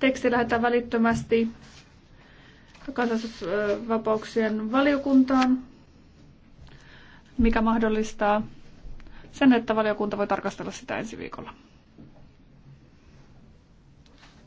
Teksti lähetetään välittömästi kansallisvapauksien valiokuntaan, mikä mahdollistaa sen, että valiokunta voi tarkastella sitä ensi viikolla.